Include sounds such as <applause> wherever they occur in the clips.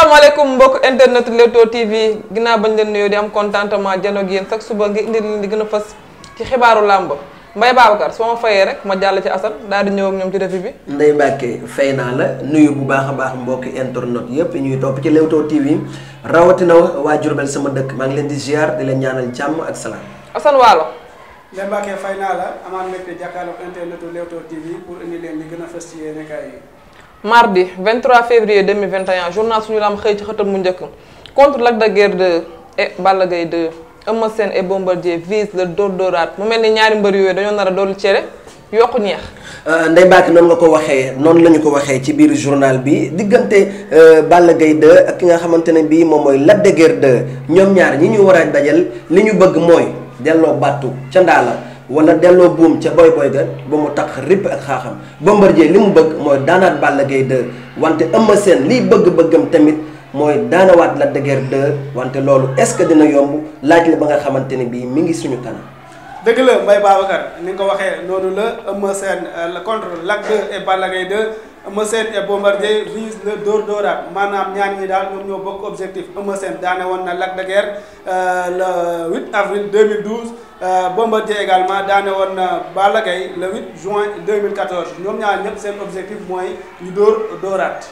asalaamaaleykum mbokk internet Leewtoo TV ginaar bañ leen nuyoo di am contentement jano ak yéen sax suba ngi indi leen di gën a ci xibaaru làmb Mbaye Babacar soo fayee rek ma jàll ci asal daal di ñëw ak ñoom ci defi bi. Ndeye Mbacke fay naa la nuyu bu baax a baax mbokk internet yëpp ñuy topp ci Leewtoo TV rawatina waa Diourbel sama dëkk maa ngi leen di ziar di leen ñaanal jàmm ak salaam. Assane Waalo. Ndeye Mbacke fay naa la amaat mbégte jàkkaarloog internet Leewtoo TV pour indi leen li gën a fës ci mardi 23 février 2021 journal suñu lam xëy ci xëtam mu njëkk contre Lac de Guiers 2 et Balla Gaye seen Eumeu Sène et Bombardier visent le dóor-dóoraat mu mel ni ñaari mbër yooyu dañoo nar a doolu cere yokku ñeex. Euh, Ndeye Mbacke noonu nga ko waxee noonu la ñu ko waxee ci biir journal bi diggante euh, Balla Gaye 2 ak ki nga xamante ne bii moom mooy Lac de Guiers ñoom ñaar ñi ñuy war a dajal li ñu bëgg mooy delloo battu ca ndaala. wala delloo buum ca boy boy ga ba mu tax ripp ak xaaxam Bombardier li mu bëgg mooy daanaat Balla Gaye 2 wante Eumeu seen liy bëgg-bëggam tamit mooy daanawaat la de Guiers wante loolu est-ce que dina yomb laaj la ba nga xamante ne bii mi ngi suñu kanam. dëgg la Mbaye Babacar ni nga ko waxee noonu la Eumeu Sène euh, contre Lac 2 et Balla Gaye Eumeu Sène et Bombardier rise le dóor dooraat maanaam ñaar ñi daal ñoom ñoo bokk objectif Eumeu Sène daane woon na Lac de Guiers euh, le 8 avril 2012 euh, Bombardier également daane woon na Balla Gaye le 8 juin 2014 ñoom ñaar ñëpp seen objectif mooy yu dóor dooraat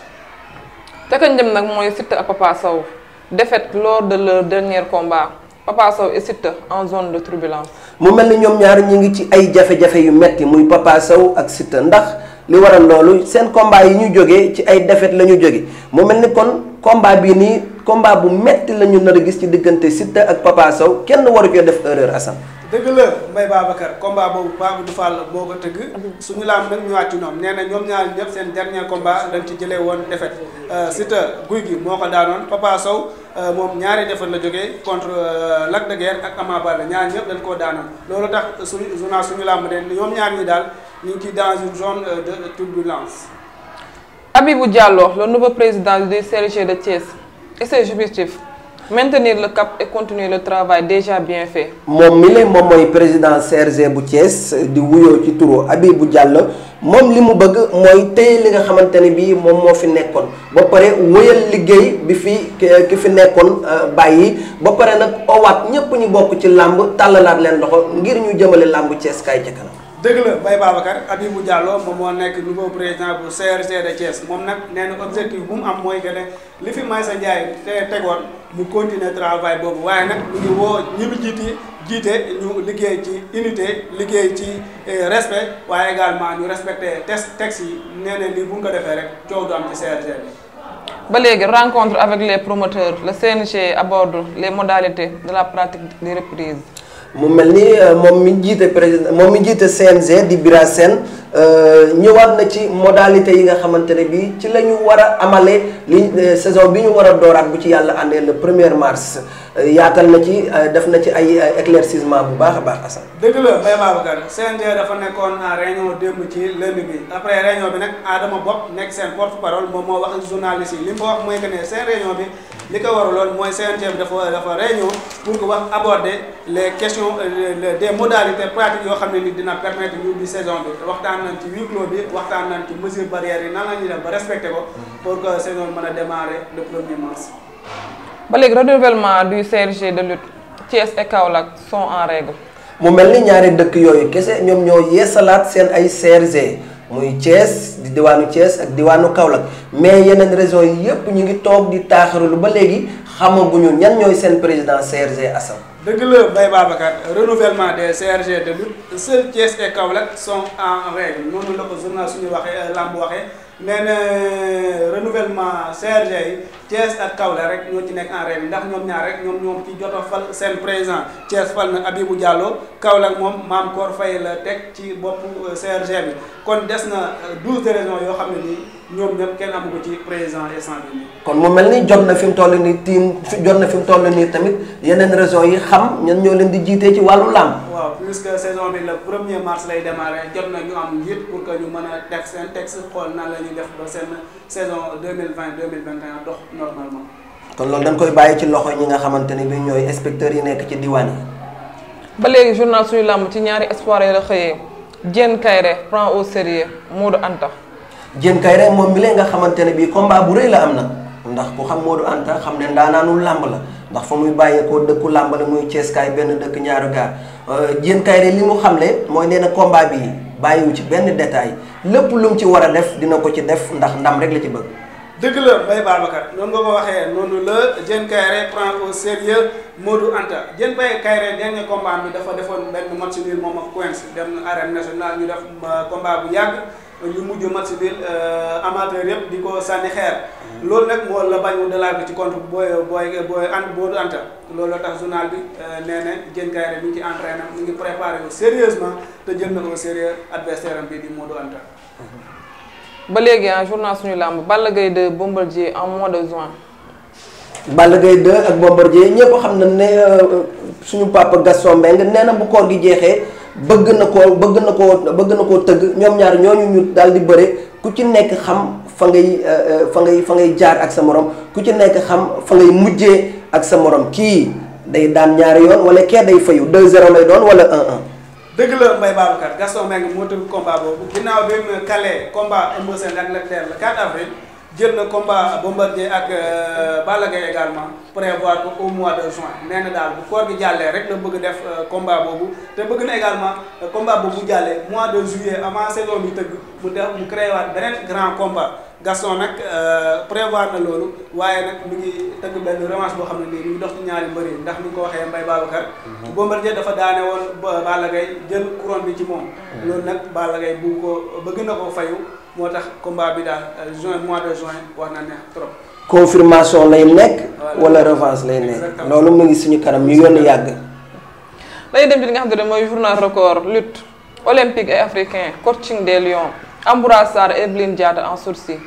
te ka njëm nag mooy Siteu ak Papa Sow défaite lors de leur dernier combat Papa Sow et Siteu en zone de turbulence mu mel ni ñoom ñaar ñu ngi ci ay jafe-jafe yu metti muy Papa Sow ak Siteu ndax li waral loolu seen combat yi ñu jógee ci ay défaite la ñu jóge moo mel ni kon combat bii nii combat bu metti la ñu nar a gis ci diggante Siteu ak Papa Sow kenn waru coo def erreur Assane dëgg la Mbaye Babacar combat boobu Babou du Fall moo ko tëgg suñu laam nag ñëwaat ci ñoom nee na ñoom ñaar ñëpp seen dernier combat dañ ci jëlee woon defet euh, Siteu guy gi moo ko daanoon Papa Sow Euh, moom ñaari defar la jógee contre euh, Lac de Guiers ak Ama Baldé ñaar ñëpp dañ koo daanal loolu tax suñu journal suñu làmb de ñoom ñaar ñi daal ñu ci dans une zone euh, de turbulence. Abibou Diallo le nouveau président du CLG de Thiès et ses maintenir la cap et continuer le travail déjà bien fait. moom mi ne moom mooy président CRG bu Thiès di wuyoo ci turu bu jàll moom li mu bëgg mooy téye li nga xamante ne bii moom moo fi nekkoon ba pare wéyal liggéey bi fi ki fi nekkoon euh, bàyyi ba pare nag owaat ñëpp ñu bokk ci làmb tàllalaat leen loxo ngir ñu jëmale làmb cees kaay ca dëgg la Baye Babacar mu Diallo moom moo nekk nouveau président bu CRG de Thiès moom nag nee na objectif bu mu am mooy que ne li fi Maysa Ndiaye te tegoon mu continuer travail boobu waaye nag mu ngi woo ñi mu jiite jiite ñu liggéey ci unité liggéey ci eh, respect waaye également ñu respecté test texte yi nee na lii bu ñu ko defee rek coow du am ci CRG bi. ba léegi rencontre avec les la le CNG aborde les modalités de la pratique des reprises. mu mel ni euh, moom mi jiite président moom mi jiite CNG di Bira Sène Euh, ñëwaat na ci modalité yi nga xamante ne bii ci la ñu war a amalee li euh, saison bi ñu war a dooraat bu ci yàlla àndee le premier mars euh, yaatal na ci def na ci ay éclaircissement bu baax a baax Assane. dëgg la Mbaye Babacar CNG dafa nekkoon réunion démb ci lundi bi après réunion bi nag Adama Bopp nekk seen porte parole moom moo wax ak journaliste yi li mu wax mooy que ne seen réunion bi li ko waraloon mooy CNG bi dafa dafa réunion pour que wax aborder les questions des modalités pratiques yoo xam ne ni dina permettre saison bi waxtaan nañ ci huis clos bi waxtaan nañ ci mesure ba respecté ko mm-hmm. pour que saison mën a démarrer le premier mars. ba léegi renouvellement du CRG de lutte Thiès et Kaolack sont en règle. mu mel ni ñaari dëkk yooyu kese ñoom ñoo yeesalaat seen ay CRG muy Thiès di diwaanu Thiès ak diwaanu Kaolack mais yeneen régions yi yëpp ñu ngi toog di taaxirulu ba léegi bu ñu ñan ñooy seen président CRG Assane. dëgg la Baye renouvellement des CRG de lutte seul Thiès et Kaolack sont en règle noonu la ko journal suñu waxee làmb waxee nee na euh, renouvellement CRG yi Thiès ak Kaolack rek ñoo ci nekk en règle ndax ñoom ñaar rek ñoom ñoom ci jot fal seen président Thiès fal na Abibou Diallo Kaolack moom Maam Koor Faye la teg ci boppu euh, CRG bi kon des na euh, douze régions yoo xam ne ni ñoom ñëpp kenn amu ko ci président instant bi. kon mu mel ni jot na fi mu toll nii tiim jot na fi mu toll nii tamit yeneen régions yi xam ñan ñoo leen di jiitee ci wàllu làmb. waaw puisque saison bi la premier mars lay démarrer jot na ñu am njiit pour que ñu mën a teg seen texte xool na la ñuy def ba seen saison deux mille vingt deux mille vingt et un dox normalement. kon loolu dañ koy bàyyi ci loxo ñi nga xamante ne bii ñooy inspecteurs yi nekk ci diwaan ba léegi journal suñu làmb ci ñaari espoir la xëyee Diène Kairé prend au sérieux Modou Anta. Diène Kairé moom mi lee nga xamante ne bii combat bu rëy la am na ndax ku xam Modou Anta xam ne ndaanaanul làmb la. ndax fa muy bàyyeekoo dëkku làmbale muy ceeskaay benn dëkk ñaaru gaar euh, Diène Kairé li mu xamle mooy nee na combat bi bàyyiwu ci benn détail lépp lu ci war a def dina ko ci def ndax ndam rek la ci bëgg. dëgg la Mbaye Babacar noonu nga ko waxee noonu la Diène Kairé prend au sérieux Modou Anta Diène Baye Kairé dernier combat bi dafa defoon benn match nul moom ak Queens dem arène nationale ñu def euh, combat bu yàgg. ñu mujj match bi euh, amateur yëpp di ko sànni xeer. loolu nag moo la bañ dalaa ko ci contre booy booy booy an boodu anta looloo tax journal bi euh, nee jën Diène Kaïré ngi ci entraîné mi ngi préparé sérieusement te jël na ko sérieux adversaire am bi di Modou Anta. ba léegi ah journal suñu làmb Balla Gaye 2 Bombardier en mois de juin. Balla Gaye 2 ak Bombardier ñëpp xam na ne euh, suñu papa Gaston Mbengue nee na bu koor gi jeexee. bëgg na ko bëgg na koo bëgg na koo tëgg ñoom ñaar ñooñu ñu daal di bëre ku ci nekk xam fa ngay euh, euh, fa ngay fa ngay jaar ak sa morom ku ci nekk xam fa ngay mujjee ak sa morom kii day daan ñaari yoon wala kee day fayu 2-0 lay doon wala 1 dëgg la Mbaye Babacar Gaston Mbengue moo tëgg combat boobu ginnaaw bi mu kale combat Eumeu Sène ak Lac de Guiers le avril. jël na combat Bombardier ak euh, Balla Gaye également prévoir ko au mois de juin nee daal bu koor gi jàllee rek na bëgg def euh, combat boobu te bëgg na également euh, combat boobu jàllee mois de juillet avant saison bi tëgg mu def mu créé waat beneen grand combat Gaston nag prévoir na loolu waaye nag mu ngi tëgg benn revanche boo xam ne nii mu ngi dox ci ñaari mbër yi ndax ni ko waxee Mbaye Babacar. Mhm. Bombardier dafa daane woon Balla Gaye jël couronne bi ci moom. Mhm. loolu nag ko bëgg na ko fayu. moo tax combat bi daal euh, juin mois de juin war na trop. confirmation lay nekk. wala revanche lay nekk. loolu mu ngi suñu kanam yu yoon yàgg. dañuy dem ci li nga xam ne mooy journal record lutte olympique et africain coaching des lions Amboura Sarr Evelyne Diatta en sursis.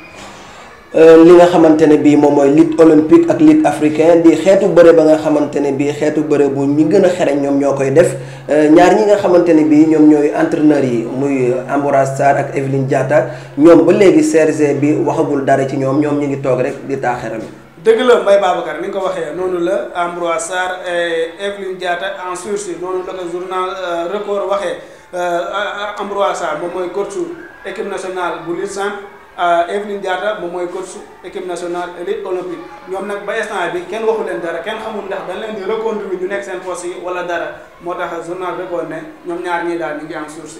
Euh, li nga xamante ne bii moom mooy lutte olympique ak lutte africain di xeetu bëre ba nga xamante ne bii xeetu bëre bu ñi gën a xereñ ñoom ñoo koy def euh, ñaar ñi nga xamante ne bii ñoom ñooy entraîneurs yi muy Ambroise Sarr ak Evelyne Diatta ñoom ba léegi serge bi waxagul dara ci ñoom ñoom ñu ngi toog rek di taaxeram dëgg la Mbaye Babacar ni nga ko waxee noonu la Ambroise Sarr Evelyne Diatta en sursis noonu la ko journal euh, record waxee Ambroise Sarr moom mooy coach équipe nationale bu lutte simple Evelyne Diatta moom mooy coach équipe nationale élite olympique ñoom nag ba instant bi kenn waxu leen dara kenn xamul ndax dañ leen di reconduire ñu nekk seen poste yi wala dara moo tax journal Record ne ñoom ñaar ñii daal ñu ngi am source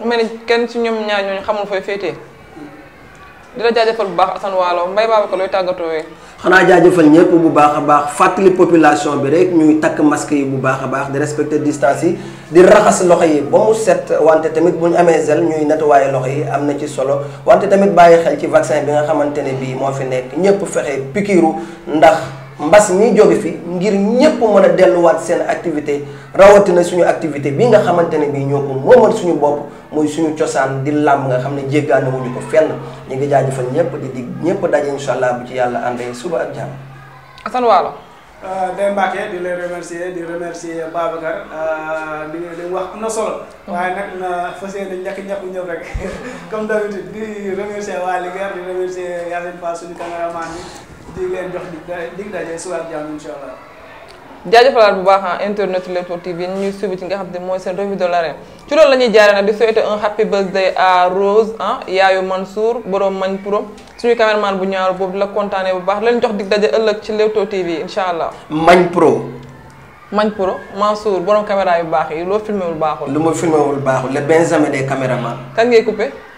mu mel ni kenn ci ñoom ñaar ñooñu xamul fooy féetee. di la jaajëfal bu baax Assane Waalo Mbaye Babacar looy tàggatoo xanaa jaajëfal ñëpp bu baax a baax fàttali population bi rek ñuy takk masque yi bu baax a baax di respecter distance yi di raxas loxo yi ba mu set wante tamit bu ñu amee gel ñuy nettoyer loxo yi am na ci solo wante tamit bàyyi xel ci vaccin bi nga xamante ne bii moo fi nekk ñëpp fexe pikiiru ndax. mbas mi jóge fi ngir ñépp mën a delluwaat seen activité rawatina suñu activité bi nga xamante ne bii ñoo ko moomal suñu bopp mooy suñu cosaan di làmb nga xam ne jéggaane wuñu ko fenn ñu ngi jaajëfal ñépp di dig ñépp allah bu ci yàlla àndee suba ak jàmm. Assane Waalo. Euh, Ndeye Mbacke di lay remercier di remercier Babacar euh, wax am na solo. waaye nag na fas yéene ñëpp rek <laughs> comme d'habitude di remercier waa Linguère di remercier Yacine Fall suñu caméraman bi. di leen jox dig jaajëfalaat bu baax ah internet Leewtoo TV ñu ñuy subi ci nga xam ne mooy seen revue de l'arène ci loolu la ñuy jaaree nag di souhaiter un happy birthday à Rose ah, yaayu Mansour borom mañ purom suñu cameraman bu ñaar boobu la kontaanee bu baax leen jox dig daje ëllëg ci Leewtoo TV incha allah. mañ pro. mañ pro Mansour borom caméra yu baax yi loo filmé wul baaxul. lu ma filmé wul baaxul le benjamin des caméramans. kan ngay coupé.